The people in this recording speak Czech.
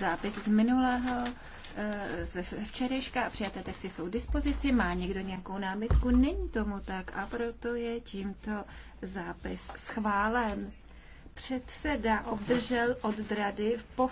Zápis z minulého eh, ze včerejška a přijaté texty jsou k dispozici. Má někdo nějakou námitku? Není tomu tak a proto je tímto zápis schválen. Předseda obdržel od rady po